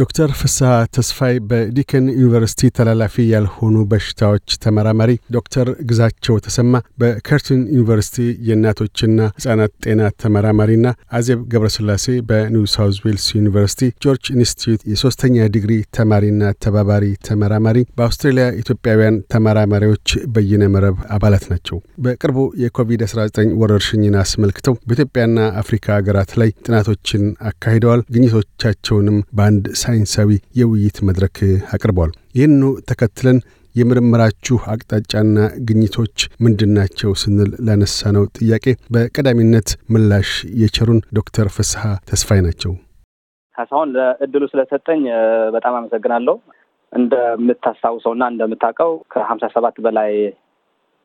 ዶክተር ፍስሐ ተስፋይ በዲከን ዩኒቨርሲቲ ተላላፊ ያልሆኑ በሽታዎች ተመራማሪ፣ ዶክተር ግዛቸው ተሰማ በከርቲን ዩኒቨርሲቲ የእናቶችና ህጻናት ጤና ተመራማሪና አዜብ ገብረስላሴ በኒው ሳውዝ ዌልስ ዩኒቨርሲቲ ጆርጅ ኢንስቲትዩት የሶስተኛ ዲግሪ ተማሪና ተባባሪ ተመራማሪ፣ በአውስትሬሊያ ኢትዮጵያውያን ተመራማሪዎች በይነ መረብ አባላት ናቸው። በቅርቡ የኮቪድ-19 ወረርሽኝን አስመልክተው በኢትዮጵያና አፍሪካ ሀገራት ላይ ጥናቶችን አካሂደዋል። ግኝቶቻቸውንም በአንድ ሳይንሳዊ የውይይት መድረክ አቅርቧል። ይህኑ ተከትለን የምርምራችሁ አቅጣጫና ግኝቶች ምንድናቸው ስንል ላነሳነው ጥያቄ በቀዳሚነት ምላሽ የቸሩን ዶክተር ፍስሀ ተስፋይ ናቸው። ካሳሁን ለእድሉ ስለሰጠኝ በጣም አመሰግናለሁ። እንደምታስታውሰውና እንደምታውቀው ከሀምሳ ሰባት በላይ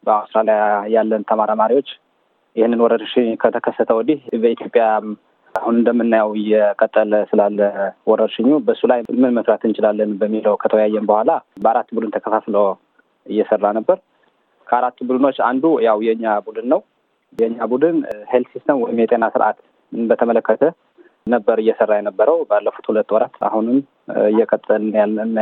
በአውስትራሊያ ያለን ተመራማሪዎች ይህንን ወረርሽኝ ከተከሰተ ወዲህ በኢትዮጵያ አሁን እንደምናየው እየቀጠለ ስላለ ወረርሽኙ በእሱ ላይ ምን መስራት እንችላለን በሚለው ከተወያየን በኋላ በአራት ቡድን ተከፋፍሎ እየሰራ ነበር። ከአራት ቡድኖች አንዱ ያው የእኛ ቡድን ነው። የእኛ ቡድን ሄልት ሲስተም ወይም የጤና ስርዓት በተመለከተ ነበር እየሰራ የነበረው ባለፉት ሁለት ወራት። አሁንም እየቀጠልን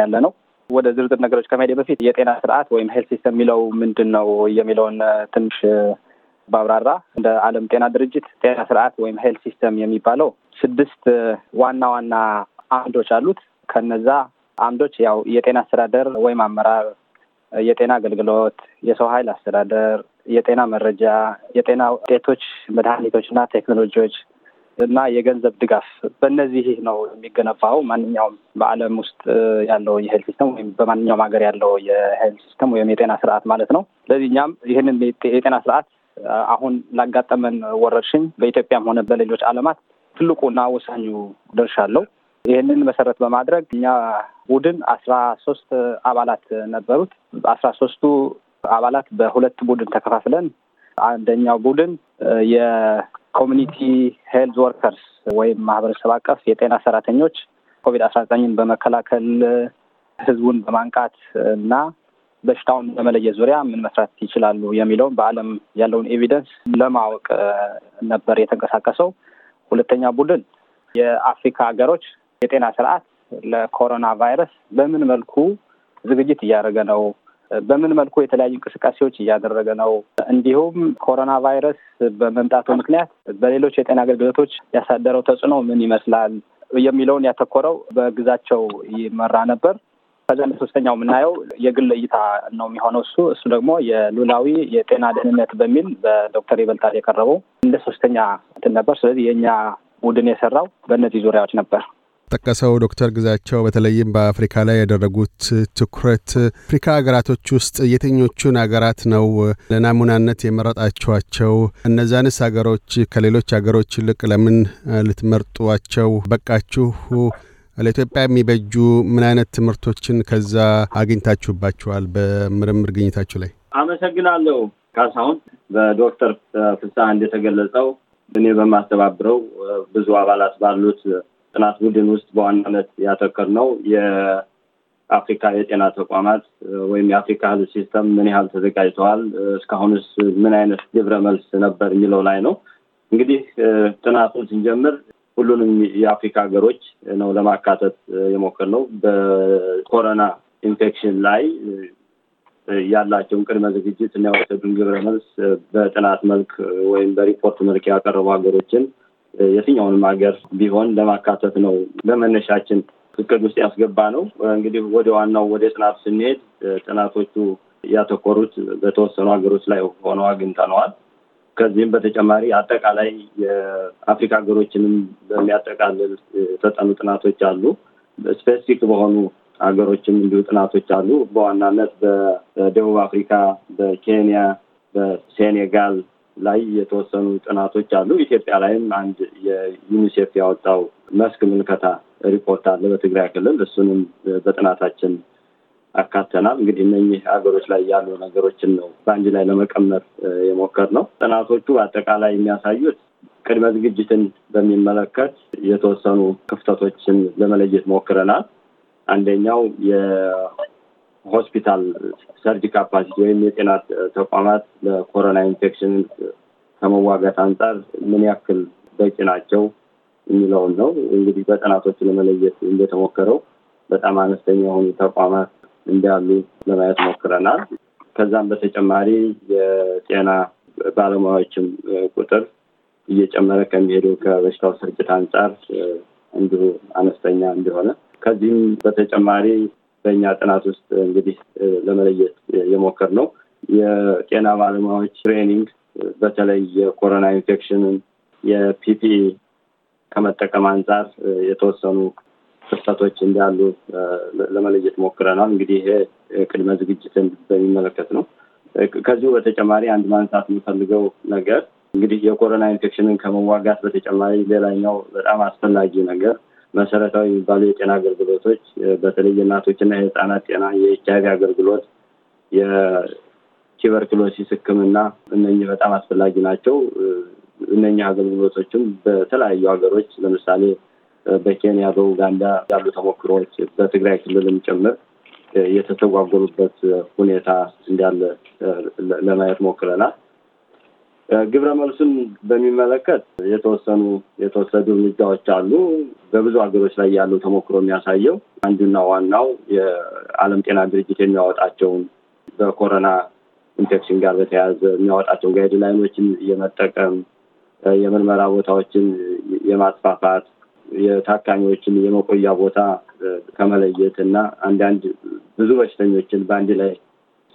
ያለ ነው። ወደ ዝርዝር ነገሮች ከመሄድ በፊት የጤና ስርዓት ወይም ሄልት ሲስተም የሚለው ምንድን ነው የሚለውን ትንሽ ባብራራ እንደ ዓለም ጤና ድርጅት ጤና ስርዓት ወይም ሄልት ሲስተም የሚባለው ስድስት ዋና ዋና አምዶች አሉት። ከነዛ አምዶች ያው የጤና አስተዳደር ወይም አመራር፣ የጤና አገልግሎት፣ የሰው ኃይል አስተዳደር፣ የጤና መረጃ፣ የጤና ውጤቶች፣ መድኃኒቶች እና ቴክኖሎጂዎች እና የገንዘብ ድጋፍ በእነዚህ ነው የሚገነባው። ማንኛውም በዓለም ውስጥ ያለው የሄል ሲስተም ወይም በማንኛውም ሀገር ያለው የሄልት ሲስተም ወይም የጤና ስርዓት ማለት ነው። ስለዚህ እኛም ይህንን የጤና ስርዓት አሁን ላጋጠመን ወረርሽኝ በኢትዮጵያም ሆነ በሌሎች ዓለማት ትልቁና ወሳኙ ድርሻ አለው። ይህንን መሰረት በማድረግ እኛ ቡድን አስራ ሶስት አባላት ነበሩት። አስራ ሶስቱ አባላት በሁለት ቡድን ተከፋፍለን አንደኛው ቡድን የኮሚኒቲ ሄልዝ ወርከርስ ወይም ማህበረሰብ አቀፍ የጤና ሰራተኞች ኮቪድ አስራ ዘጠኝን በመከላከል ህዝቡን በማንቃት እና በሽታውን በመለየት ዙሪያ ምን መስራት ይችላሉ የሚለውን በዓለም ያለውን ኤቪደንስ ለማወቅ ነበር የተንቀሳቀሰው። ሁለተኛ ቡድን የአፍሪካ ሀገሮች የጤና ስርዓት ለኮሮና ቫይረስ በምን መልኩ ዝግጅት እያደረገ ነው፣ በምን መልኩ የተለያዩ እንቅስቃሴዎች እያደረገ ነው፣ እንዲሁም ኮሮና ቫይረስ በመምጣቱ ምክንያት በሌሎች የጤና አገልግሎቶች ያሳደረው ተጽዕኖ ምን ይመስላል የሚለውን ያተኮረው በግዛቸው ይመራ ነበር። ከዚያ ለሶስተኛው የምናየው የግል እይታ ነው የሚሆነው። እሱ እሱ ደግሞ የሉላዊ የጤና ደህንነት በሚል በዶክተር ይበልጣል የቀረበው እንደ ሶስተኛ እንትን ነበር። ስለዚህ የእኛ ቡድን የሰራው በእነዚህ ዙሪያዎች ነበር። ጠቀሰው ዶክተር ግዛቸው በተለይም በአፍሪካ ላይ ያደረጉት ትኩረት አፍሪካ ሀገራቶች ውስጥ የትኞቹን ሀገራት ነው ለናሙናነት የመረጣችኋቸው? እነዛንስ ሀገሮች ከሌሎች ሀገሮች ይልቅ ለምን ልትመርጧቸው በቃችሁ? ለኢትዮጵያ የሚበጁ ምን አይነት ትምህርቶችን ከዛ አግኝታችሁባቸዋል በምርምር ግኝታችሁ ላይ? አመሰግናለሁ ካሳሁን። በዶክተር ፍስሐ እንደተገለጸው እኔ በማስተባብረው ብዙ አባላት ባሉት ጥናት ቡድን ውስጥ በዋናነት ያተከር ነው የአፍሪካ የጤና ተቋማት ወይም የአፍሪካ ህል ሲስተም ምን ያህል ተዘጋጅተዋል፣ እስካሁንስ ምን አይነት ግብረ መልስ ነበር የሚለው ላይ ነው። እንግዲህ ጥናቱን ስንጀምር ሁሉንም የአፍሪካ ሀገሮች ነው ለማካተት ነው። በኮሮና ኢንፌክሽን ላይ ያላቸውን ቅድመ ዝግጅት እና የወሰዱን ግብረ መልስ በጥናት መልክ ወይም በሪፖርት መልክ ያቀረቡ ሀገሮችን የትኛውንም ሀገር ቢሆን ለማካተት ነው በመነሻችን እቅድ ውስጥ ያስገባ ነው። እንግዲህ ወደ ዋናው ወደ ጥናት ስንሄድ ጥናቶቹ ያተኮሩት በተወሰኑ ሀገሮች ላይ ሆነው አግኝተነዋል። ከዚህም በተጨማሪ አጠቃላይ የአፍሪካ ሀገሮችንም በሚያጠቃልል የተጠኑ ጥናቶች አሉ። ስፔሲፊክ በሆኑ ሀገሮችም እንዲሁ ጥናቶች አሉ። በዋናነት በደቡብ አፍሪካ፣ በኬንያ፣ በሴኔጋል ላይ የተወሰኑ ጥናቶች አሉ። ኢትዮጵያ ላይም አንድ የዩኒሴፍ ያወጣው መስክ ምልከታ ሪፖርት አለ በትግራይ ክልል። እሱንም በጥናታችን አካተናል። እንግዲህ እነኚህ ሀገሮች ላይ ያሉ ነገሮችን ነው በአንድ ላይ ለመቀመጥ የሞከር ነው። ጥናቶቹ በአጠቃላይ የሚያሳዩት ቅድመ ዝግጅትን በሚመለከት የተወሰኑ ክፍተቶችን ለመለየት ሞክረናል። አንደኛው የሆስፒታል ሰርጅ ካፓሲቲ ወይም የጤና ተቋማት ለኮሮና ኢንፌክሽን ከመዋጋት አንጻር ምን ያክል በቂ ናቸው የሚለውን ነው። እንግዲህ በጥናቶች ለመለየት እንደተሞከረው በጣም አነስተኛ የሆኑ ተቋማት እንዳሉ ለማየት ሞክረናል። ከዛም በተጨማሪ የጤና ባለሙያዎችም ቁጥር እየጨመረ ከሚሄደው ከበሽታው ስርጭት አንጻር እንዲሁ አነስተኛ እንደሆነ ከዚህም በተጨማሪ በእኛ ጥናት ውስጥ እንግዲህ ለመለየት የሞከር ነው የጤና ባለሙያዎች ትሬኒንግ በተለይ የኮሮና ኢንፌክሽንን የፒፒኢ ከመጠቀም አንጻር የተወሰኑ ክፍተቶች እንዳሉ ለመለየት ሞክረናል። እንግዲህ ይሄ ቅድመ ዝግጅትን በሚመለከት ነው። ከዚሁ በተጨማሪ አንድ ማንሳት የምፈልገው ነገር እንግዲህ የኮሮና ኢንፌክሽንን ከመዋጋት በተጨማሪ ሌላኛው በጣም አስፈላጊ ነገር መሰረታዊ የሚባሉ የጤና አገልግሎቶች በተለይ የእናቶችና የህፃናት ጤና፣ የኤች አይቪ አገልግሎት፣ የቲበርክሎሲስ ሕክምና እነኚህ በጣም አስፈላጊ ናቸው። እነኚህ አገልግሎቶችም በተለያዩ ሀገሮች ለምሳሌ በኬንያ በኡጋንዳ ያሉ ተሞክሮዎች በትግራይ ክልልም ጭምር የተተጓጎሉበት ሁኔታ እንዳለ ለማየት ሞክረናል። ግብረ መልሱን በሚመለከት የተወሰኑ የተወሰዱ እርምጃዎች አሉ። በብዙ ሀገሮች ላይ ያለው ተሞክሮ የሚያሳየው አንዱና ዋናው የዓለም ጤና ድርጅት የሚያወጣቸውን በኮሮና ኢንፌክሽን ጋር በተያያዘ የሚያወጣቸው ጋይድላይኖችን የመጠቀም የምርመራ ቦታዎችን የማስፋፋት የታካሚዎችን የመቆያ ቦታ ከመለየት እና አንዳንድ ብዙ በሽተኞችን በአንድ ላይ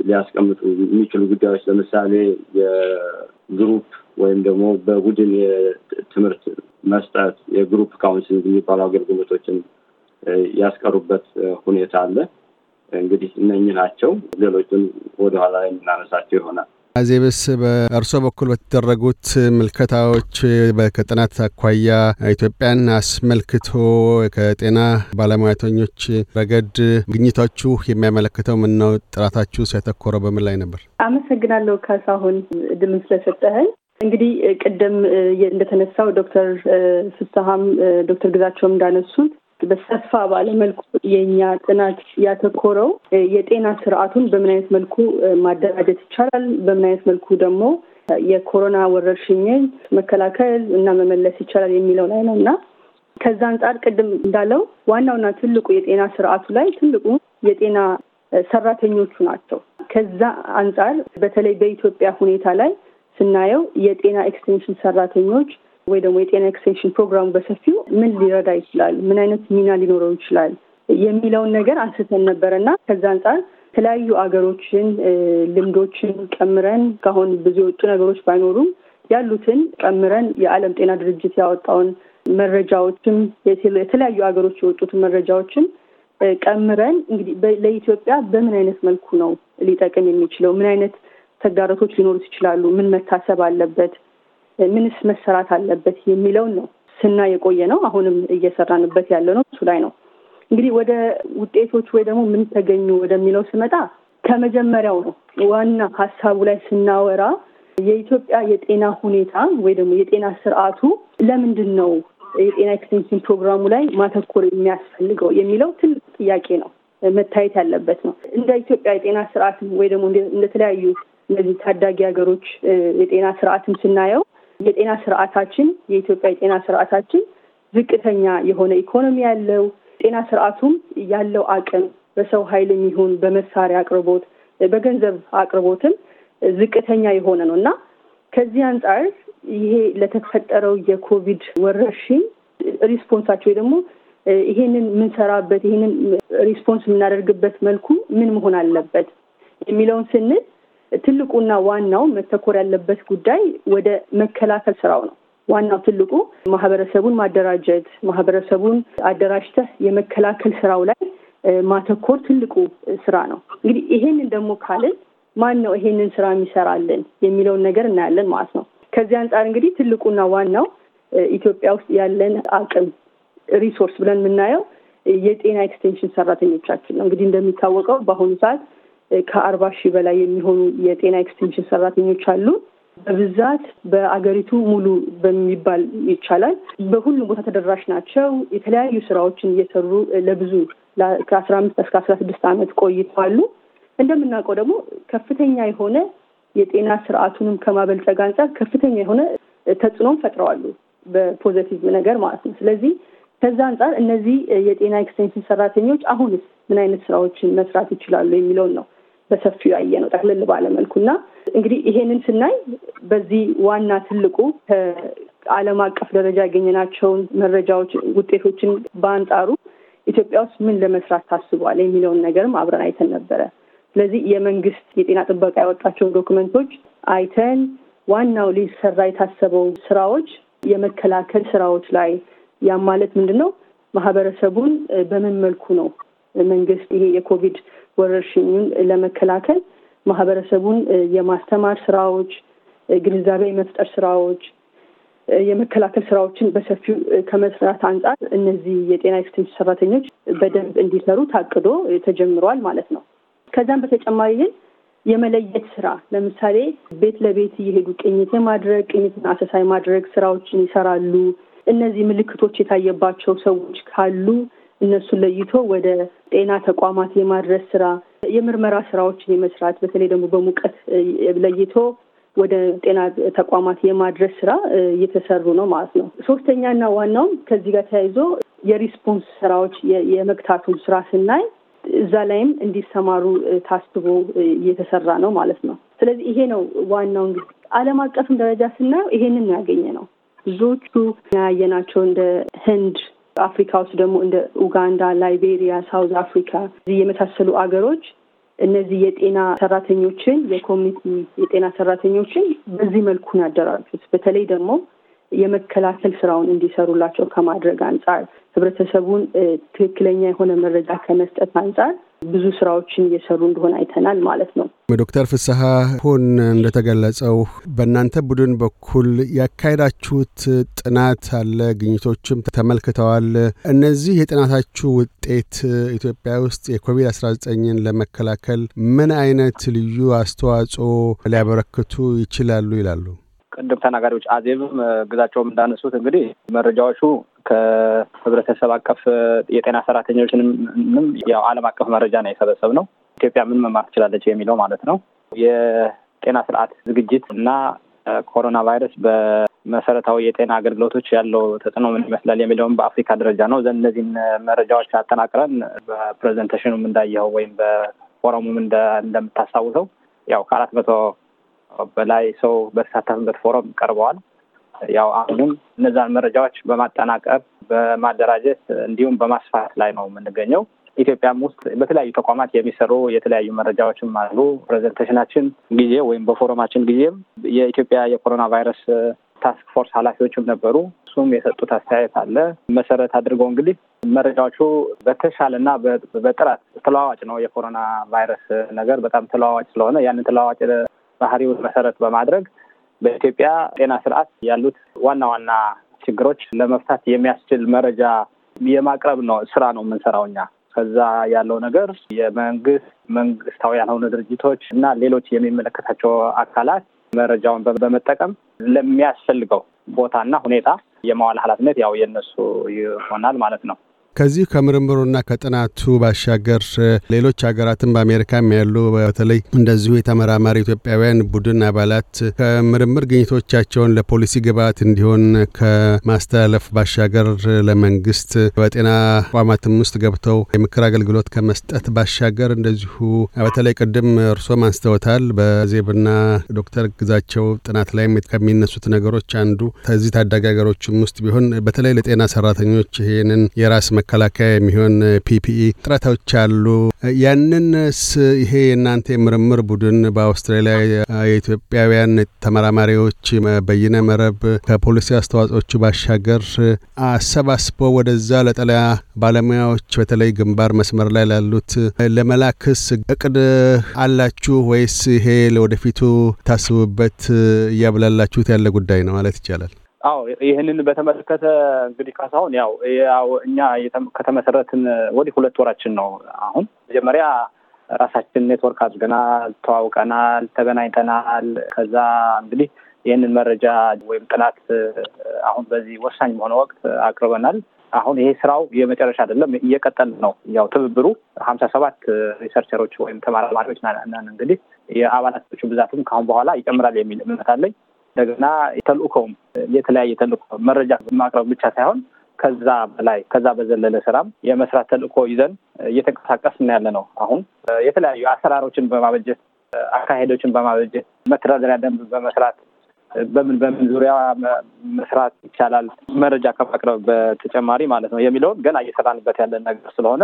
ሊያስቀምጡ የሚችሉ ጉዳዮች ለምሳሌ የግሩፕ ወይም ደግሞ በቡድን የትምህርት መስጠት የግሩፕ ካውንስሊንግ የሚባሉ አገልግሎቶችን ያስቀሩበት ሁኔታ አለ። እንግዲህ እነኚህ ናቸው። ሌሎቹን ወደኋላ የምናነሳቸው ይሆናል። አዜብስ በእርሶ በኩል በተደረጉት ምልከታዎች ከጥናት አኳያ ኢትዮጵያን አስመልክቶ ከጤና ባለሙያተኞች ረገድ ግኝታችሁ የሚያመለክተው ምን ነው? ጥራታችሁ ሲያተኮረው በምን ላይ ነበር? አመሰግናለሁ ካሳሁን እድሉን ስለሰጠህን። እንግዲህ ቅድም እንደተነሳው ዶክተር ፍስሀም ዶክተር ግዛቸውም እንዳነሱት በሰፋ ባለ መልኩ የኛ ጥናት ያተኮረው የጤና ስርዓቱን በምን አይነት መልኩ ማደራጀት ይቻላል፣ በምን አይነት መልኩ ደግሞ የኮሮና ወረርሽኝን መከላከል እና መመለስ ይቻላል የሚለው ላይ ነው እና ከዛ አንጻር ቅድም እንዳለው ዋናውና ትልቁ የጤና ስርዓቱ ላይ ትልቁ የጤና ሰራተኞቹ ናቸው። ከዛ አንጻር በተለይ በኢትዮጵያ ሁኔታ ላይ ስናየው የጤና ኤክስቴንሽን ሰራተኞች ወይ ደግሞ የጤና ኤክስቴንሽን ፕሮግራሙ በሰፊው ምን ሊረዳ ይችላል፣ ምን አይነት ሚና ሊኖረው ይችላል የሚለውን ነገር አንስተን ነበረ እና ከዛ አንጻር የተለያዩ አገሮችን ልምዶችን ቀምረን ካሁን ብዙ የወጡ ነገሮች ባይኖሩም ያሉትን ቀምረን የዓለም ጤና ድርጅት ያወጣውን መረጃዎችም የተለያዩ ሀገሮች የወጡትን መረጃዎችም ቀምረን እንግዲህ ለኢትዮጵያ በምን አይነት መልኩ ነው ሊጠቅም የሚችለው? ምን አይነት ተግዳሮቶች ሊኖሩት ይችላሉ? ምን መታሰብ አለበት? ምንስ መሰራት አለበት የሚለውን ነው ስና የቆየ ነው። አሁንም እየሰራንበት ያለ ነው እሱ ላይ ነው። እንግዲህ ወደ ውጤቶች ወይ ደግሞ ምን ተገኙ ወደሚለው ስመጣ ከመጀመሪያው ነው ዋና ሀሳቡ ላይ ስናወራ የኢትዮጵያ የጤና ሁኔታ ወይ ደግሞ የጤና ስርዓቱ ለምንድን ነው የጤና ኤክስቴንሽን ፕሮግራሙ ላይ ማተኮር የሚያስፈልገው የሚለው ትልቅ ጥያቄ ነው፣ መታየት ያለበት ነው። እንደ ኢትዮጵያ የጤና ስርዓትም ወይ ደግሞ እንደተለያዩ እነዚህ ታዳጊ ሀገሮች የጤና ስርዓትም ስናየው የጤና ስርዓታችን የኢትዮጵያ የጤና ስርዓታችን ዝቅተኛ የሆነ ኢኮኖሚ ያለው ጤና ስርዓቱም ያለው አቅም በሰው ኃይል የሚሆን በመሳሪያ አቅርቦት በገንዘብ አቅርቦትም ዝቅተኛ የሆነ ነው እና ከዚህ አንጻር ይሄ ለተፈጠረው የኮቪድ ወረርሽኝ ሪስፖንሳቸው ደግሞ ይሄንን የምንሰራበት ይሄንን ሪስፖንስ የምናደርግበት መልኩ ምን መሆን አለበት የሚለውን ስንል ትልቁና ዋናው መተኮር ያለበት ጉዳይ ወደ መከላከል ስራው ነው። ዋናው ትልቁ ማህበረሰቡን ማደራጀት፣ ማህበረሰቡን አደራጅተህ የመከላከል ስራው ላይ ማተኮር ትልቁ ስራ ነው። እንግዲህ ይሄንን ደግሞ ካልን ማን ነው ይሄንን ስራ የሚሰራልን የሚለውን ነገር እናያለን ማለት ነው። ከዚህ አንጻር እንግዲህ ትልቁና ዋናው ኢትዮጵያ ውስጥ ያለን አቅም ሪሶርስ ብለን የምናየው የጤና ኤክስቴንሽን ሰራተኞቻችን ነው። እንግዲህ እንደሚታወቀው በአሁኑ ሰዓት ከአርባ ሺህ በላይ የሚሆኑ የጤና ኤክስቴንሽን ሰራተኞች አሉ። በብዛት በአገሪቱ ሙሉ በሚባል ይቻላል በሁሉም ቦታ ተደራሽ ናቸው። የተለያዩ ስራዎችን እየሰሩ ለብዙ ከአስራ አምስት እስከ አስራ ስድስት ዓመት ቆይተዋሉ። እንደምናውቀው ደግሞ ከፍተኛ የሆነ የጤና ስርዓቱንም ከማበልጸግ አንጻር ከፍተኛ የሆነ ተጽዕኖም ፈጥረዋሉ፣ በፖዘቲቭ ነገር ማለት ነው። ስለዚህ ከዛ አንጻር እነዚህ የጤና ኤክስቴንሽን ሰራተኞች አሁንስ ምን አይነት ስራዎችን መስራት ይችላሉ የሚለውን ነው በሰፊው ያየ ነው ጠቅልል ባለመልኩ እና እንግዲህ ይሄንን ስናይ በዚህ ዋና ትልቁ ከዓለም አቀፍ ደረጃ ያገኘናቸውን መረጃዎች ውጤቶችን በአንጻሩ ኢትዮጵያ ውስጥ ምን ለመስራት ታስቧል የሚለውን ነገርም አብረን አይተን ነበረ። ስለዚህ የመንግስት የጤና ጥበቃ ያወጣቸውን ዶክመንቶች አይተን ዋናው ሊሰራ የታሰበው ስራዎች የመከላከል ስራዎች ላይ ያ ማለት ምንድን ነው? ማህበረሰቡን በምን መልኩ ነው መንግስት ይሄ የኮቪድ ወረርሽኙን ለመከላከል ማህበረሰቡን የማስተማር ስራዎች፣ ግንዛቤ የመፍጠር ስራዎች፣ የመከላከል ስራዎችን በሰፊው ከመስራት አንጻር እነዚህ የጤና ኤክስቴንሽን ሰራተኞች በደንብ እንዲሰሩ ታቅዶ ተጀምሯል ማለት ነው። ከዚም በተጨማሪ ግን የመለየት ስራ ለምሳሌ ቤት ለቤት እየሄዱ ቅኝት የማድረግ ቅኝትን አሰሳይ የማድረግ ስራዎችን ይሰራሉ። እነዚህ ምልክቶች የታየባቸው ሰዎች ካሉ እነሱ ለይቶ ወደ ጤና ተቋማት የማድረስ ስራ፣ የምርመራ ስራዎችን የመስራት በተለይ ደግሞ በሙቀት ለይቶ ወደ ጤና ተቋማት የማድረስ ስራ እየተሰሩ ነው ማለት ነው። ሶስተኛና ዋናውም ከዚህ ጋር ተያይዞ የሪስፖንስ ስራዎች የመግታቱን ስራ ስናይ እዛ ላይም እንዲሰማሩ ታስቦ እየተሰራ ነው ማለት ነው። ስለዚህ ይሄ ነው ዋናው። እንግዲህ ዓለም አቀፍም ደረጃ ስናየው ይሄንን ያገኘ ነው። ብዙዎቹ ያየናቸው እንደ ህንድ አፍሪካ ውስጥ ደግሞ እንደ ኡጋንዳ፣ ላይቤሪያ፣ ሳውዝ አፍሪካ የመሳሰሉ አገሮች እነዚህ የጤና ሰራተኞችን የኮሚኒቲ የጤና ሰራተኞችን በዚህ መልኩ ነው ያደራጁት። በተለይ ደግሞ የመከላከል ስራውን እንዲሰሩላቸው ከማድረግ አንጻር፣ ህብረተሰቡን ትክክለኛ የሆነ መረጃ ከመስጠት አንጻር ብዙ ስራዎችን እየሰሩ እንደሆነ አይተናል ማለት ነው። ዶክተር ፍስሀ ሁን እንደተገለጸው በእናንተ ቡድን በኩል ያካሄዳችሁት ጥናት አለ፣ ግኝቶችም ተመልክተዋል። እነዚህ የጥናታችሁ ውጤት ኢትዮጵያ ውስጥ የኮቪድ-19ን ለመከላከል ምን አይነት ልዩ አስተዋጽኦ ሊያበረክቱ ይችላሉ ይላሉ? ቅድም ተናጋሪዎች አዜብም ግዛቸውም እንዳነሱት እንግዲህ መረጃዎቹ ከህብረተሰብ አቀፍ የጤና ሰራተኞችንም ያው ዓለም አቀፍ መረጃ ነው የሰበሰብ ነው ኢትዮጵያ ምን መማር ትችላለች የሚለው ማለት ነው። የጤና ስርዓት ዝግጅት እና ኮሮና ቫይረስ በመሰረታዊ የጤና አገልግሎቶች ያለው ተጽዕኖ ምን ይመስላል የሚለውም በአፍሪካ ደረጃ ነው። እነዚህን መረጃዎች አጠናቅረን በፕሬዘንቴሽኑም እንዳየኸው ወይም በፎረሙም እንደምታስታውሰው ያው ከአራት መቶ በላይ ሰው በተሳተፍበት ፎረም ቀርበዋል። ያው አሁንም እነዛን መረጃዎች በማጠናቀር በማደራጀት እንዲሁም በማስፋት ላይ ነው የምንገኘው። ኢትዮጵያም ውስጥ በተለያዩ ተቋማት የሚሰሩ የተለያዩ መረጃዎችም አሉ። ፕሬዘንቴሽናችን ጊዜ ወይም በፎረማችን ጊዜም የኢትዮጵያ የኮሮና ቫይረስ ታስክ ፎርስ ኃላፊዎችም ነበሩ። እሱም የሰጡት አስተያየት አለ። መሰረት አድርገው እንግዲህ መረጃዎቹ በተሻለና በጥራት ተለዋዋጭ ነው። የኮሮና ቫይረስ ነገር በጣም ተለዋዋጭ ስለሆነ ያንን ተለዋዋጭ ባህሪውን መሰረት በማድረግ በኢትዮጵያ ጤና ስርዓት ያሉት ዋና ዋና ችግሮች ለመፍታት የሚያስችል መረጃ የማቅረብ ነው ስራ ነው የምንሰራው እኛ። ከዛ ያለው ነገር የመንግስት መንግስታዊ ያልሆነ ድርጅቶች እና ሌሎች የሚመለከታቸው አካላት መረጃውን በመጠቀም ለሚያስፈልገው ቦታና ሁኔታ የማዋል ኃላፊነት ያው የነሱ ይሆናል ማለት ነው። ከዚህ ከምርምሩና ከጥናቱ ባሻገር ሌሎች ሀገራትም በአሜሪካም ያሉ በተለይ እንደዚሁ የተመራማሪ ኢትዮጵያውያን ቡድን አባላት ከምርምር ግኝቶቻቸውን ለፖሊሲ ግብዓት እንዲሆን ከማስተላለፍ ባሻገር ለመንግስት በጤና ተቋማትም ውስጥ ገብተው የምክር አገልግሎት ከመስጠት ባሻገር እንደዚሁ በተለይ ቅድም እርሶም አንስተውታል በዜብና ዶክተር ግዛቸው ጥናት ላይም ከሚነሱት ነገሮች አንዱ ከዚህ ታዳጊ ሀገሮችም ውስጥ ቢሆን በተለይ ለጤና ሰራተኞች ይህንን የራስ መከላከያ የሚሆን ፒፒኢ ጥረቶች አሉ። ያንንስ ይሄ የእናንተ የምርምር ቡድን በአውስትራሊያ የኢትዮጵያውያን ተመራማሪዎች በይነ መረብ ከፖሊሲ አስተዋጽኦቹ ባሻገር አሰባስቦ ወደዛ ለጠለያ ባለሙያዎች በተለይ ግንባር መስመር ላይ ላሉት ለመላክስ እቅድ አላችሁ ወይስ ይሄ ለወደፊቱ ታስቡበት እያብላላችሁት ያለ ጉዳይ ነው ማለት ይቻላል? አዎ ይህንን በተመለከተ እንግዲህ ካሳሁን ያው ያው እኛ ከተመሰረትን ወዲህ ሁለት ወራችን ነው። አሁን መጀመሪያ ራሳችን ኔትወርክ አድርገናል፣ ተዋውቀናል፣ ተገናኝተናል። ከዛ እንግዲህ ይህንን መረጃ ወይም ጥናት አሁን በዚህ ወሳኝ በሆነ ወቅት አቅርበናል። አሁን ይሄ ስራው የመጨረሻ አይደለም፣ እየቀጠል ነው። ያው ትብብሩ ሀምሳ ሰባት ሪሰርቸሮች ወይም ተመራማሪዎች ናን እንግዲህ የአባላቶቹ ብዛትም ከአሁን በኋላ ይጨምራል የሚል እምነት አለኝ። እንደገና ተልእኮውም የተለያየ ተልእኮ መረጃ ማቅረብ ብቻ ሳይሆን ከዛ በላይ ከዛ በዘለለ ስራም የመስራት ተልእኮ ይዘን እየተንቀሳቀስን ያለ ነው። አሁን የተለያዩ አሰራሮችን በማበጀት አካሄዶችን በማበጀት መተዳደሪያ ደንብ በመስራት በምን በምን ዙሪያ መስራት ይቻላል መረጃ ከማቅረብ በተጨማሪ ማለት ነው የሚለውን ገና እየሰራንበት ያለን ነገር ስለሆነ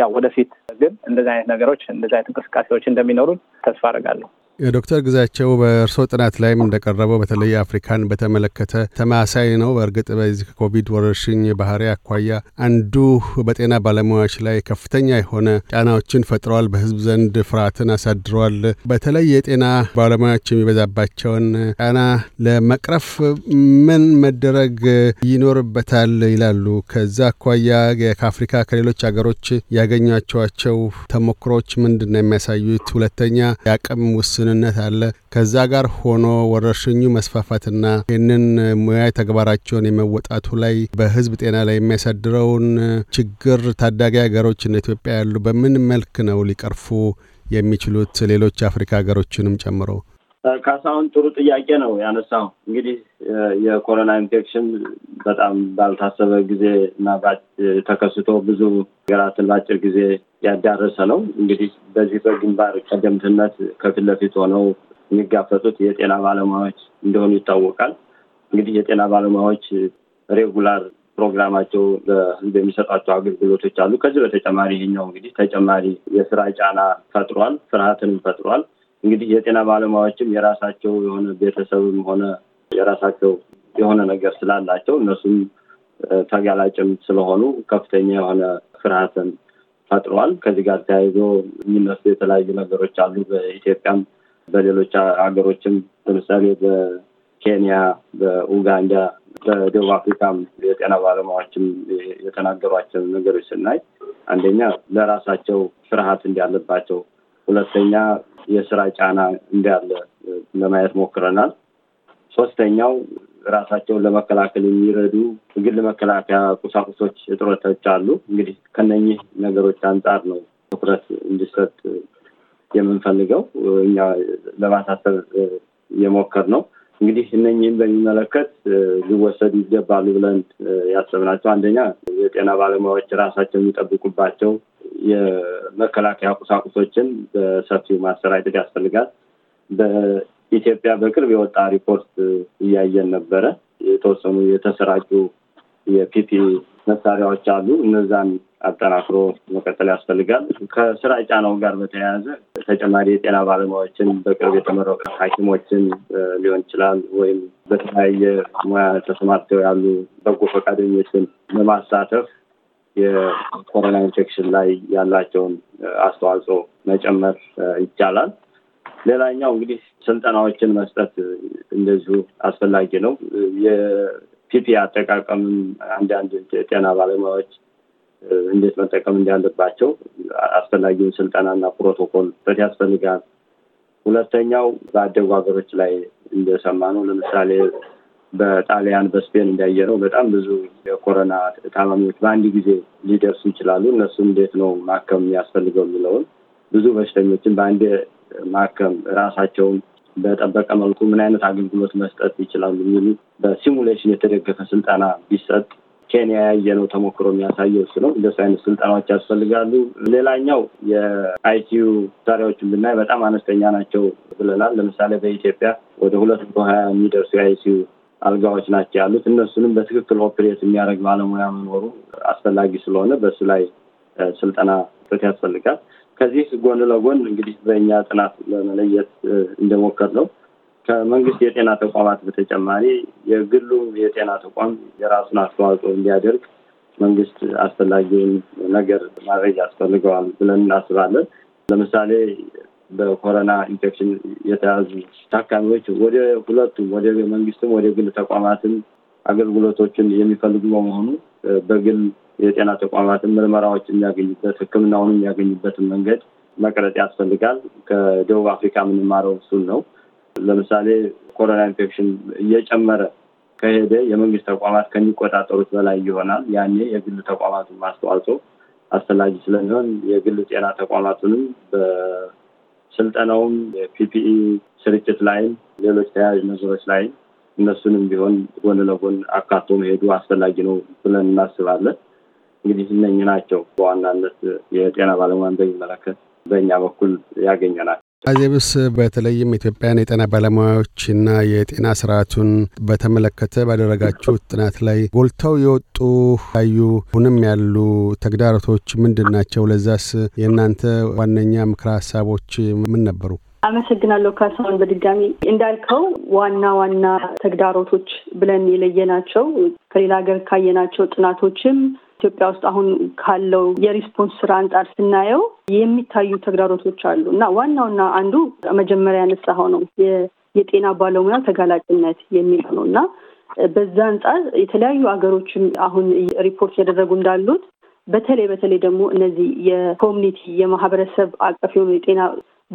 ያው ወደፊት ግን እንደዚህ አይነት ነገሮች እንደዚህ አይነት እንቅስቃሴዎች እንደሚኖሩን ተስፋ አደርጋለሁ። ዶክተር ግዛቸው በእርስዎ ጥናት ላይም እንደቀረበው በተለይ አፍሪካን በተመለከተ ተማሳይ ነው። በእርግጥ በዚህ ከኮቪድ ወረርሽኝ ባህሪ አኳያ አንዱ በጤና ባለሙያዎች ላይ ከፍተኛ የሆነ ጫናዎችን ፈጥረዋል፣ በህዝብ ዘንድ ፍርሃትን አሳድረዋል። በተለይ የጤና ባለሙያዎች የሚበዛባቸውን ጫና ለመቅረፍ ምን መደረግ ይኖርበታል ይላሉ? ከዛ አኳያ ከአፍሪካ ከሌሎች ሀገሮች ያገኟቸዋቸው ተሞክሮች ምንድን ነው የሚያሳዩት? ሁለተኛ የአቅም ውስን ውስንነት አለ። ከዛ ጋር ሆኖ ወረርሽኙ መስፋፋትና ይህንን ሙያ ተግባራቸውን የመወጣቱ ላይ በህዝብ ጤና ላይ የሚያሳድረውን ችግር ታዳጊ ሀገሮች እንደ ኢትዮጵያ ያሉ በምን መልክ ነው ሊቀርፉ የሚችሉት? ሌሎች አፍሪካ ሀገሮችንም ጨምሮ ካሳሁን ጥሩ ጥያቄ ነው ያነሳው። እንግዲህ የኮሮና ኢንፌክሽን በጣም ባልታሰበ ጊዜ እና ተከስቶ ብዙ ሀገራትን በአጭር ጊዜ ያዳረሰ ነው። እንግዲህ በዚህ በግንባር ቀደምትነት ከፊት ለፊት ሆነው የሚጋፈጡት የጤና ባለሙያዎች እንደሆኑ ይታወቃል። እንግዲህ የጤና ባለሙያዎች ሬጉላር ፕሮግራማቸው በህዝብ የሚሰጧቸው አገልግሎቶች አሉ። ከዚህ በተጨማሪ ይህኛው እንግዲህ ተጨማሪ የስራ ጫና ፈጥሯል፣ ፍርሃትንም ፈጥሯል። እንግዲህ የጤና ባለሙያዎችም የራሳቸው የሆነ ቤተሰብም ሆነ የራሳቸው የሆነ ነገር ስላላቸው እነሱም ተጋላጭም ስለሆኑ ከፍተኛ የሆነ ፍርሃትን ፈጥረዋል። ከዚህ ጋር ተያይዞ የሚነሱ የተለያዩ ነገሮች አሉ። በኢትዮጵያም በሌሎች ሀገሮችም ለምሳሌ በኬንያ፣ በኡጋንዳ፣ በደቡብ አፍሪካም የጤና ባለሙያዎችም የተናገሯቸው ነገሮች ስናይ አንደኛ ለራሳቸው ፍርሃት እንዳለባቸው፣ ሁለተኛ የስራ ጫና እንዳለ ለማየት ሞክረናል። ሶስተኛው ራሳቸውን ለመከላከል የሚረዱ ግል መከላከያ ቁሳቁሶች እጥረቶች አሉ። እንግዲህ ከነኚህ ነገሮች አንጻር ነው ትኩረት እንዲሰጥ የምንፈልገው እኛ ለማሳሰብ የሞከር ነው። እንግዲህ እነኝህም በሚመለከት ሊወሰዱ ይገባሉ ብለን ያሰብናቸው አንደኛ የጤና ባለሙያዎች ራሳቸው የሚጠብቁባቸው የመከላከያ ቁሳቁሶችን በሰፊው ማሰራጨት ያስፈልጋል። በኢትዮጵያ በቅርብ የወጣ ሪፖርት እያየን ነበረ። የተወሰኑ የተሰራጩ የፒፒ መሳሪያዎች አሉ። እነዛን አጠናክሮ መቀጠል ያስፈልጋል። ከስራ ጫናው ጋር በተያያዘ ተጨማሪ የጤና ባለሙያዎችን በቅርብ የተመረቁ ሐኪሞችን ሊሆን ይችላል ወይም በተለያየ ሙያ ተሰማርተው ያሉ በጎ ፈቃደኞችን በማሳተፍ የኮሮና ኢንፌክሽን ላይ ያላቸውን አስተዋጽኦ መጨመር ይቻላል። ሌላኛው እንግዲህ ስልጠናዎችን መስጠት እንደዚሁ አስፈላጊ ነው። ፒፒ አጠቃቀምም አንዳንድ ጤና ባለሙያዎች እንዴት መጠቀም እንዳለባቸው አስፈላጊውን ስልጠናና ፕሮቶኮል በት ያስፈልጋል። ሁለተኛው በአደጉ ሀገሮች ላይ እንደሰማ ነው። ለምሳሌ በጣሊያን በስፔን ነው በጣም ብዙ የኮሮና ታማሚዎች በአንድ ጊዜ ሊደርሱ ይችላሉ። እነሱ እንዴት ነው ማከም የሚያስፈልገው የሚለውን ብዙ በሽተኞችን በአንድ ማከም ራሳቸውን በጠበቀ መልኩ ምን አይነት አገልግሎት መስጠት ይችላሉ የሚሉ በሲሙሌሽን የተደገፈ ስልጠና ቢሰጥ ኬንያ ያየ ነው ተሞክሮ የሚያሳየው እሱ ነው። እንደሱ አይነት ስልጠናዎች ያስፈልጋሉ። ሌላኛው የአይቲዩ መሳሪያዎችን ብናይ በጣም አነስተኛ ናቸው ብለናል። ለምሳሌ በኢትዮጵያ ወደ ሁለት መቶ ሀያ የሚደርሱ የአይቲዩ አልጋዎች ናቸው ያሉት። እነሱንም በትክክል ኦፕሬት የሚያደርግ ባለሙያ መኖሩ አስፈላጊ ስለሆነ በእሱ ላይ ስልጠና ያስፈልጋል። ከዚህ ጎን ለጎን እንግዲህ በእኛ ጥናት ለመለየት ነው ከመንግስት የጤና ተቋማት በተጨማሪ የግሉ የጤና ተቋም የራሱን አስተዋጽኦ እንዲያደርግ መንግስት አስፈላጊውን ነገር ማድረግ ያስፈልገዋል ብለን እናስባለን። ለምሳሌ በኮሮና ኢንፌክሽን የተያዙ ታካሚዎች ወደ ሁለቱም ወደ መንግስትም ወደ ግል ተቋማትም አገልግሎቶችን የሚፈልጉ በመሆኑ በግል የጤና ተቋማትን ምርመራዎች የሚያገኙበት ህክምናውን የሚያገኙበትን መንገድ መቅረጥ ያስፈልጋል። ከደቡብ አፍሪካ የምንማረው እሱን ነው። ለምሳሌ ኮሮና ኢንፌክሽን እየጨመረ ከሄደ የመንግስት ተቋማት ከሚቆጣጠሩት በላይ ይሆናል። ያኔ የግል ተቋማቱን ማስተዋጽኦ አስፈላጊ ስለሚሆን የግል ጤና ተቋማቱንም በስልጠናውም የፒፒኢ ስርጭት ላይም ሌሎች ተያያዥ ነገሮች ላይም እነሱንም ቢሆን ጎን ለጎን አካቶ መሄዱ አስፈላጊ ነው ብለን እናስባለን። እንግዲህ እነኝህ ናቸው በዋናነት የጤና ባለሙያን በሚመለከት በእኛ በኩል ያገኘ ናቸው። አዜብስ በተለይም ኢትዮጵያን የጤና ባለሙያዎችና የጤና ስርዓቱን በተመለከተ ባደረጋችሁ ጥናት ላይ ጎልተው የወጡ ያዩ ሁንም ያሉ ተግዳሮቶች ምንድን ናቸው? ለዛስ የእናንተ ዋነኛ ምክረ ሀሳቦች ምን ነበሩ? አመሰግናለሁ ካሳሁን። በድጋሚ እንዳልከው ዋና ዋና ተግዳሮቶች ብለን የለየናቸው ከሌላ ሀገር ካየናቸው ጥናቶችም ኢትዮጵያ ውስጥ አሁን ካለው የሪስፖንስ ስራ አንጻር ስናየው የሚታዩ ተግዳሮቶች አሉ እና ዋናውና አንዱ መጀመሪያ ያነሳኸው ነው የጤና ባለሙያ ተጋላጭነት የሚለው ነው እና በዛ አንጻር የተለያዩ ሀገሮችም አሁን ሪፖርት ያደረጉ እንዳሉት በተለይ በተለይ ደግሞ እነዚህ የኮሚኒቲ የማህበረሰብ አቀፍ የሆኑ የጤና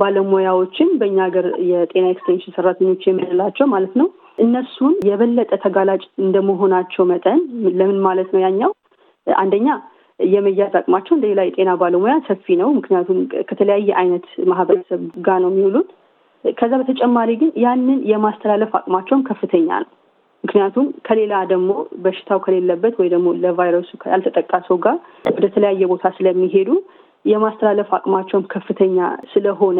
ባለሙያዎችን በእኛ ሀገር የጤና ኤክስቴንሽን ሰራተኞች የምንላቸው ማለት ነው እነሱን የበለጠ ተጋላጭ እንደመሆናቸው መጠን ለምን ማለት ነው ያኛው አንደኛ የመያዝ አቅማቸው እንደሌላ የጤና ባለሙያ ሰፊ ነው። ምክንያቱም ከተለያየ አይነት ማህበረሰብ ጋር ነው የሚውሉት። ከዛ በተጨማሪ ግን ያንን የማስተላለፍ አቅማቸውም ከፍተኛ ነው። ምክንያቱም ከሌላ ደግሞ በሽታው ከሌለበት ወይ ደግሞ ለቫይረሱ ያልተጠቃ ሰው ጋር ወደ ተለያየ ቦታ ስለሚሄዱ የማስተላለፍ አቅማቸውም ከፍተኛ ስለሆነ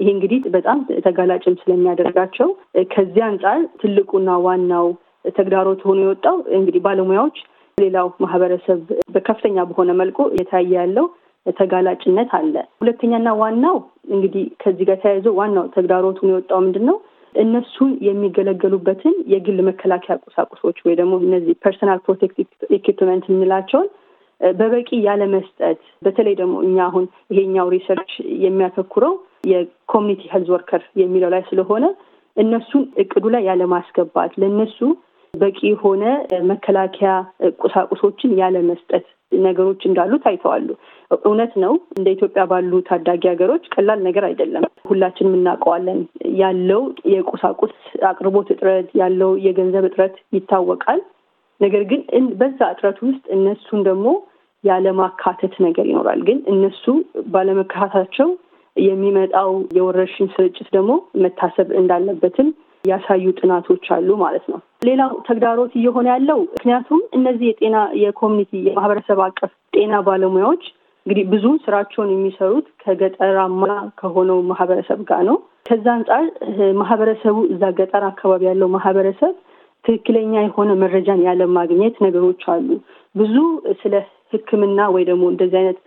ይሄ እንግዲህ በጣም ተጋላጭም ስለሚያደርጋቸው ከዚህ አንጻር ትልቁና ዋናው ተግዳሮት ሆኖ የወጣው እንግዲህ ባለሙያዎች ሌላው ማህበረሰብ በከፍተኛ በሆነ መልኩ እየታየ ያለው ተጋላጭነት አለ። ሁለተኛና ዋናው እንግዲህ ከዚህ ጋር ተያይዞ ዋናው ተግዳሮቱን የወጣው ምንድን ነው? እነሱን የሚገለገሉበትን የግል መከላከያ ቁሳቁሶች ወይ ደግሞ እነዚህ ፐርሰናል ፕሮቴክቲቭ ኢኩፕመንት የምንላቸውን በበቂ ያለመስጠት፣ በተለይ ደግሞ እኛ አሁን ይሄኛው ሪሰርች የሚያተኩረው የኮሚኒቲ ሄልዝ ወርከር የሚለው ላይ ስለሆነ እነሱን እቅዱ ላይ ያለማስገባት ለእነሱ በቂ የሆነ መከላከያ ቁሳቁሶችን ያለ መስጠት ነገሮች እንዳሉ ታይተዋሉ። እውነት ነው። እንደ ኢትዮጵያ ባሉ ታዳጊ ሀገሮች ቀላል ነገር አይደለም። ሁላችንም እናውቀዋለን። ያለው የቁሳቁስ አቅርቦት እጥረት፣ ያለው የገንዘብ እጥረት ይታወቃል። ነገር ግን በዛ እጥረት ውስጥ እነሱን ደግሞ ያለማካተት ነገር ይኖራል። ግን እነሱ ባለመካተታቸው የሚመጣው የወረርሽኝ ስርጭት ደግሞ መታሰብ እንዳለበትም ያሳዩ ጥናቶች አሉ ማለት ነው። ሌላው ተግዳሮት እየሆነ ያለው ምክንያቱም እነዚህ የጤና የኮሚኒቲ የማህበረሰብ አቀፍ ጤና ባለሙያዎች እንግዲህ ብዙ ስራቸውን የሚሰሩት ከገጠራማ ከሆነው ማህበረሰብ ጋር ነው። ከዛ አንጻር ማህበረሰቡ እዛ ገጠር አካባቢ ያለው ማህበረሰብ ትክክለኛ የሆነ መረጃን ያለማግኘት ነገሮች አሉ። ብዙ ስለ ሕክምና ወይ ደግሞ እንደዚህ አይነት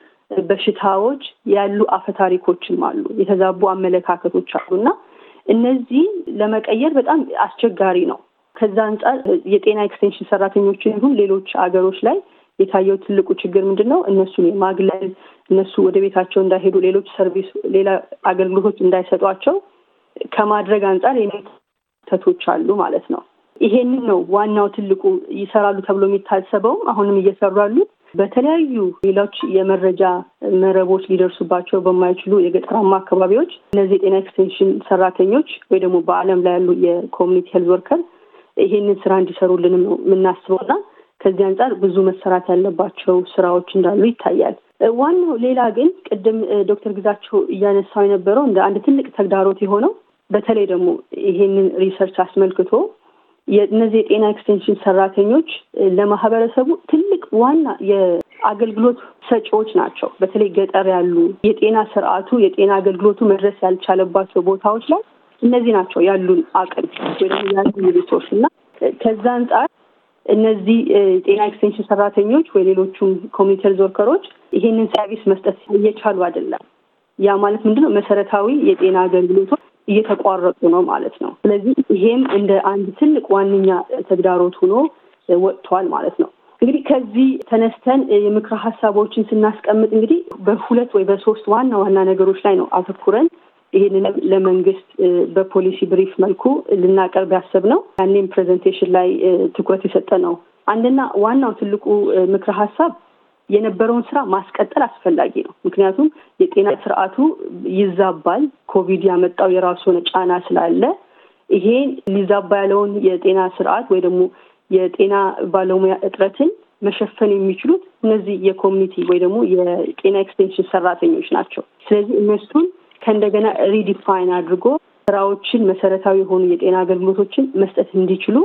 በሽታዎች ያሉ አፈታሪኮችም አሉ፣ የተዛቡ አመለካከቶች አሉ እና እነዚህ ለመቀየር በጣም አስቸጋሪ ነው። ከዛ አንጻር የጤና ኤክስቴንሽን ሰራተኞችን ይሁን ሌሎች አገሮች ላይ የታየው ትልቁ ችግር ምንድን ነው? እነሱን የማግለል እነሱ ወደ ቤታቸው እንዳይሄዱ ሌሎች ሰርቪስ፣ ሌላ አገልግሎቶች እንዳይሰጧቸው ከማድረግ አንጻር የሚተቶች አሉ ማለት ነው። ይሄንን ነው ዋናው ትልቁ ይሰራሉ ተብሎ የሚታሰበውም አሁንም እየሰሩ ያሉት በተለያዩ ሌሎች የመረጃ መረቦች ሊደርሱባቸው በማይችሉ የገጠራማ አካባቢዎች እነዚህ የጤና ኤክስቴንሽን ሰራተኞች ወይ ደግሞ በዓለም ላይ ያሉ የኮሚኒቲ ሄልዝ ወርከር ይሄንን ስራ እንዲሰሩልንም ነው የምናስበውና ከዚህ አንጻር ብዙ መሰራት ያለባቸው ስራዎች እንዳሉ ይታያል። ዋናው ሌላ ግን ቅድም ዶክተር ግዛቸው እያነሳው የነበረው እንደ አንድ ትልቅ ተግዳሮት የሆነው በተለይ ደግሞ ይሄንን ሪሰርች አስመልክቶ እነዚህ የጤና ኤክስቴንሽን ሰራተኞች ለማህበረሰቡ ትልቅ ዋና የአገልግሎት ሰጪዎች ናቸው። በተለይ ገጠር ያሉ የጤና ስርዓቱ የጤና አገልግሎቱ መድረስ ያልቻለባቸው ቦታዎች ላይ እነዚህ ናቸው ያሉን አቅም ወይ ያሉን ሪሶርስ እና ከዛ አንጻር እነዚህ ጤና ኤክስቴንሽን ሰራተኞች ወይ ሌሎቹም ኮሚኒቲ ሄልዝ ወርከሮች ይሄንን ሰርቪስ መስጠት እየቻሉ አይደለም። ያ ማለት ምንድነው መሰረታዊ የጤና አገልግሎቶች እየተቋረጡ ነው ማለት ነው። ስለዚህ ይሄም እንደ አንድ ትልቅ ዋነኛ ተግዳሮት ሆኖ ወጥቷል ማለት ነው። እንግዲህ ከዚህ ተነስተን የምክረ ሀሳቦችን ስናስቀምጥ እንግዲህ በሁለት ወይ በሶስት ዋና ዋና ነገሮች ላይ ነው አተኩረን ይህንንም ለመንግስት በፖሊሲ ብሪፍ መልኩ ልናቀርብ ያሰብ ነው። ያኔም ፕሬዘንቴሽን ላይ ትኩረት የሰጠ ነው። አንድና ዋናው ትልቁ ምክረ ሀሳብ የነበረውን ስራ ማስቀጠል አስፈላጊ ነው። ምክንያቱም የጤና ስርዓቱ ይዛባል። ኮቪድ ያመጣው የራሱ የሆነ ጫና ስላለ ይሄ ሊዛባ ያለውን የጤና ስርዓት ወይ ደግሞ የጤና ባለሙያ እጥረትን መሸፈን የሚችሉት እነዚህ የኮሚኒቲ ወይ ደግሞ የጤና ኤክስቴንሽን ሰራተኞች ናቸው። ስለዚህ እነሱን ከእንደገና ሪዲፋይን አድርጎ ስራዎችን መሰረታዊ የሆኑ የጤና አገልግሎቶችን መስጠት እንዲችሉ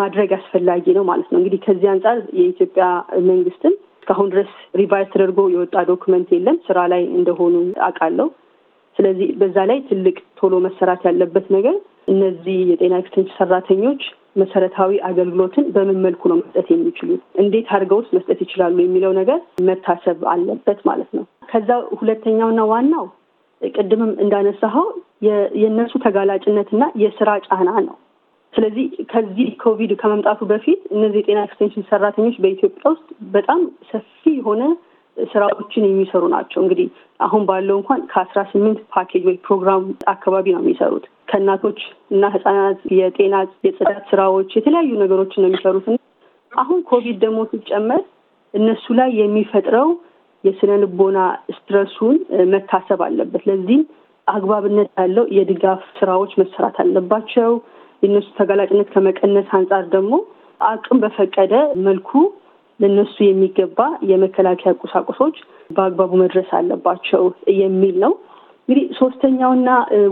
ማድረግ አስፈላጊ ነው ማለት ነው። እንግዲህ ከዚህ አንጻር የኢትዮጵያ መንግስትም እስካሁን ድረስ ሪቫይዝ ተደርጎ የወጣ ዶክመንት የለም። ስራ ላይ እንደሆኑ አውቃለሁ። ስለዚህ በዛ ላይ ትልቅ ቶሎ መሰራት ያለበት ነገር እነዚህ የጤና ኤክስቴንሽን ሰራተኞች መሰረታዊ አገልግሎትን በምን መልኩ ነው መስጠት የሚችሉ፣ እንዴት አድርገውስ መስጠት ይችላሉ የሚለው ነገር መታሰብ አለበት ማለት ነው። ከዛ ሁለተኛውና ዋናው ቅድምም እንዳነሳኸው የእነሱ ተጋላጭነትና የስራ ጫና ነው። ስለዚህ ከዚህ ኮቪድ ከመምጣቱ በፊት እነዚህ የጤና ኤክስቴንሽን ሰራተኞች በኢትዮጵያ ውስጥ በጣም ሰፊ የሆነ ስራዎችን የሚሰሩ ናቸው። እንግዲህ አሁን ባለው እንኳን ከአስራ ስምንት ፓኬጅ ወይ ፕሮግራም አካባቢ ነው የሚሰሩት። ከእናቶች እና ህጻናት የጤና የጽዳት ስራዎች፣ የተለያዩ ነገሮችን ነው የሚሰሩት። አሁን ኮቪድ ደግሞ ሲጨመር እነሱ ላይ የሚፈጥረው የስነ ልቦና ስትረሱን መታሰብ አለበት። ለዚህም አግባብነት ያለው የድጋፍ ስራዎች መሰራት አለባቸው። የእነሱ ተጋላጭነት ከመቀነስ አንጻር ደግሞ አቅም በፈቀደ መልኩ ለእነሱ የሚገባ የመከላከያ ቁሳቁሶች በአግባቡ መድረስ አለባቸው የሚል ነው። እንግዲህ ሶስተኛውና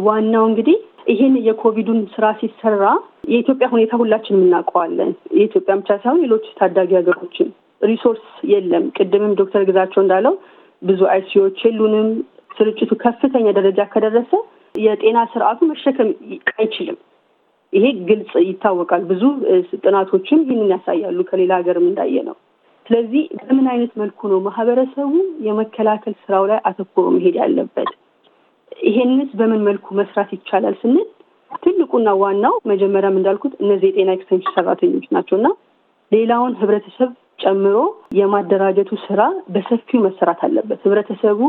ዋናው እንግዲህ ይህን የኮቪዱን ስራ ሲሰራ የኢትዮጵያ ሁኔታ ሁላችንም እናውቀዋለን። የኢትዮጵያ ብቻ ሳይሆን ሌሎች ታዳጊ ሀገሮችን ሪሶርስ የለም። ቅድምም ዶክተር ግዛቸው እንዳለው ብዙ አይሲዎች የሉንም። ስርጭቱ ከፍተኛ ደረጃ ከደረሰ የጤና ስርዓቱ መሸከም አይችልም። ይሄ ግልጽ ይታወቃል። ብዙ ጥናቶችም ይህንን ያሳያሉ ከሌላ ሀገርም እንዳየ ነው። ስለዚህ በምን አይነት መልኩ ነው ማህበረሰቡ የመከላከል ስራው ላይ አተኩሮ መሄድ ያለበት? ይሄንስ በምን መልኩ መስራት ይቻላል ስንል ትልቁና ዋናው መጀመሪያም እንዳልኩት እነዚህ የጤና ኤክስቴንሽን ሰራተኞች ናቸው እና ሌላውን ህብረተሰብ ጨምሮ የማደራጀቱ ስራ በሰፊው መሰራት አለበት። ህብረተሰቡ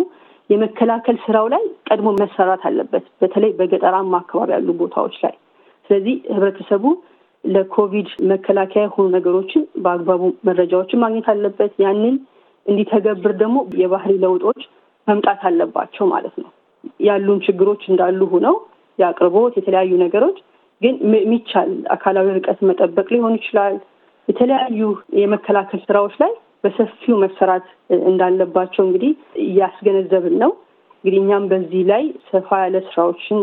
የመከላከል ስራው ላይ ቀድሞ መሰራት አለበት። በተለይ በገጠራማ አካባቢ ያሉ ቦታዎች ላይ ስለዚህ ህብረተሰቡ ለኮቪድ መከላከያ የሆኑ ነገሮችን በአግባቡ መረጃዎችን ማግኘት አለበት። ያንን እንዲተገብር ደግሞ የባህሪ ለውጦች መምጣት አለባቸው ማለት ነው። ያሉን ችግሮች እንዳሉ ሆነው የአቅርቦት የተለያዩ ነገሮች ግን የሚቻል አካላዊ ርቀት መጠበቅ ሊሆን ይችላል። የተለያዩ የመከላከል ስራዎች ላይ በሰፊው መሰራት እንዳለባቸው እንግዲህ እያስገነዘብን ነው። እንግዲህ እኛም በዚህ ላይ ሰፋ ያለ ስራዎችን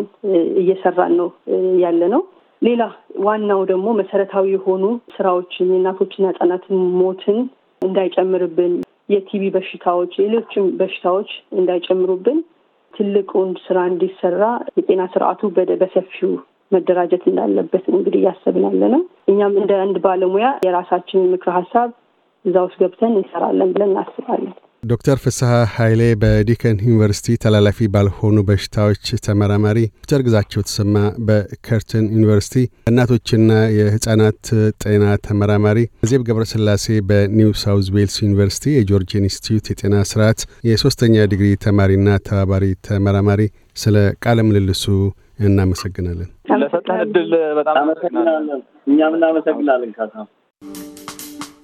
እየሰራን ነው ያለ ነው። ሌላ ዋናው ደግሞ መሰረታዊ የሆኑ ስራዎችን የእናቶችና ህጻናትን ሞትን እንዳይጨምርብን፣ የቲቪ በሽታዎች፣ ሌሎችም በሽታዎች እንዳይጨምሩብን ትልቁን ስራ እንዲሰራ የጤና ስርዓቱ በሰፊው መደራጀት እንዳለበት እንግዲህ እያሰብን ያለ ነው። እኛም እንደ አንድ ባለሙያ የራሳችንን ምክረ ሀሳብ እዛ ውስጥ ገብተን እንሰራለን ብለን እናስባለን። ዶክተር ፍስሐ ኃይሌ በዲከን ዩኒቨርሲቲ ተላላፊ ባልሆኑ በሽታዎች ተመራማሪ፣ ዶክተር ግዛቸው ተሰማ በከርተን ዩኒቨርሲቲ እናቶችና የህጻናት ጤና ተመራማሪ፣ ዜብ ገብረስላሴ በኒው ሳውዝ ዌልስ ዩኒቨርሲቲ የጆርጅ ኢንስቲትዩት የጤና ስርዓት የሶስተኛ ዲግሪ ተማሪና ተባባሪ ተመራማሪ፣ ስለ ቃለ ምልልሱ እናመሰግናለን። ለሰጠን እድል በጣም አመሰግናለን። እኛም እናመሰግናለን ካሳ